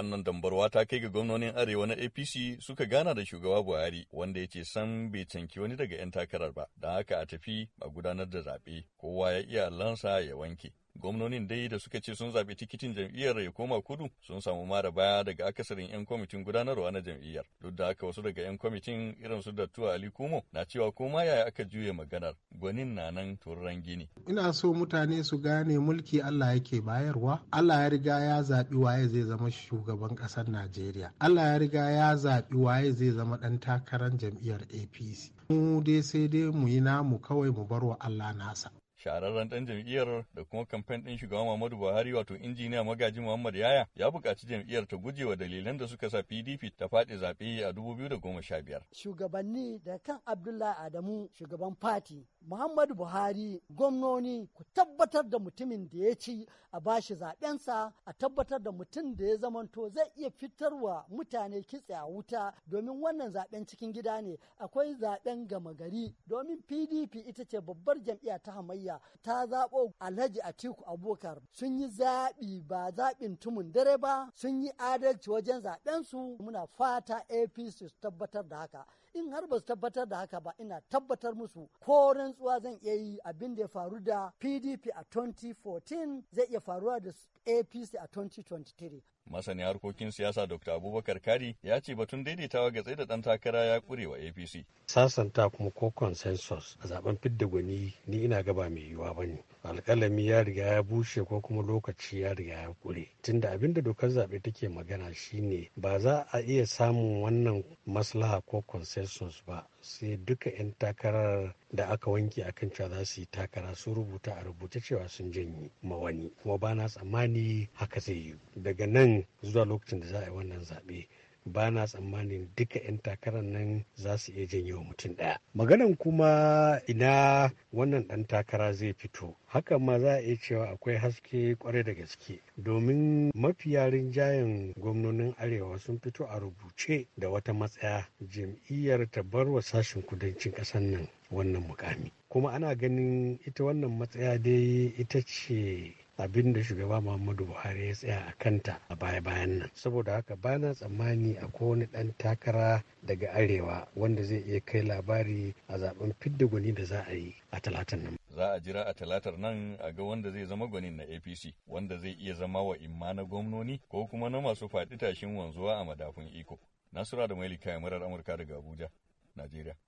Wannan dambarwa ta kai ga gwamnonin Arewa na APC suka gana da shugaba Buhari wanda ya ce san bai canki wani daga 'yan takarar ba, don haka a tafi a gudanar da zaɓe, kowa ya iya lansa ya wanke. Gwamnonin dai da suka ce sun zaɓi tikitin jam'iyyar ya koma kudu sun samu mara baya daga akasarin 'yan kwamitin gudanarwa na jam'iyyar. Duk da haka wasu daga 'yan kwamitin irin su Dattuwa Ali Kumo na cewa koma yaya aka juye maganar gwanin na nan turan gini. Ina so mutane su gane mulki Allah yake bayarwa. Allah ya riga ya zabi waye zai zama shugaban ƙasar Najeriya. Allah ya riga ya zaɓi waye zai zama ɗan takarar jam'iyyar APC. Mu dai sai dai mu yi namu kawai mu bar wa Allah nasa. shahararren ɗan jam'iyyar da kuma kamfen ɗin shugaban Muhammadu Buhari wato injiniya magaji Muhammad Yaya ya buƙaci jam'iyyar ta guje wa dalilan da suka sa PDP ta faɗi zaɓe a 2015. Shugabanni da kan Abdullahi Adamu shugaban fati Muhammadu Buhari gwamnoni ku tabbatar da mutumin da ya ci a bashi zaɓensa a tabbatar da mutum da ya zamanto zai iya fitar wa mutane kitse a wuta domin wannan zaɓen cikin gida ne akwai zaɓen gama gari domin PDP ita ce babbar jam'iyya ta hamayya ta zaɓo Alhaji Atiku Abubakar sun yi zaɓi ba zaɓin tumun dare ba sun yi adalci wajen su muna fata APC su tabbatar da haka. in har ba su tabbatar da haka ba ina tabbatar musu ko rantsuwa zan iya yi abin da ya faru da pdp a 2014 zai iya faruwa da apc a 2023 masani harkokin siyasa dr abubakar kari ya ce batun daidaitawa ga tsaye da dan takara ya kure wa apc sasanta kuma ko consensus a zaben fidda gwani ni ina gaba mai yiwuwa bane alkalami ya riga ya bushe ko kuma lokaci ya riga ya kure tunda abin da dokar zaɓe take magana shine ba za a iya samun wannan maslaha ko consensus ba sai duka 'yan takarar da aka wanke akan cewa za su yi takara sun rubuta a rubuce cewa sun janye ma wani kuma ba na tsammani haka zai yi daga nan zuwa lokacin da za a yi wannan zaɓe ba na tsammanin duka 'yan takarar nan za su iya janyo wa mutum ɗaya maganan kuma ina wannan ɗan takara zai fito hakan ma za a iya cewa akwai haske kwarai da gaske domin mafiya rinjayen gwamnonin arewa sun fito a rubuce da wata matsaya jam'iyyar ta bar wa sashen kudancin ƙasar nan wannan mukami kuma ana ganin ita wannan matsaya dai ita ce abin da shugaba muhammadu buhari ya tsaya a kanta a baya bayan nan saboda haka ba na tsammani a kowane ɗan takara daga arewa wanda zai iya kai labari a zaben fidda gwani da za a yi a talatin nan za a jira a talatar nan a ga wanda zai zama gwanin na apc wanda zai iya zama wa imma na gwamnoni ko kuma na masu faɗi tashin wanzuwa a madafun iko nasura da mailika murar amurka daga abuja najeriya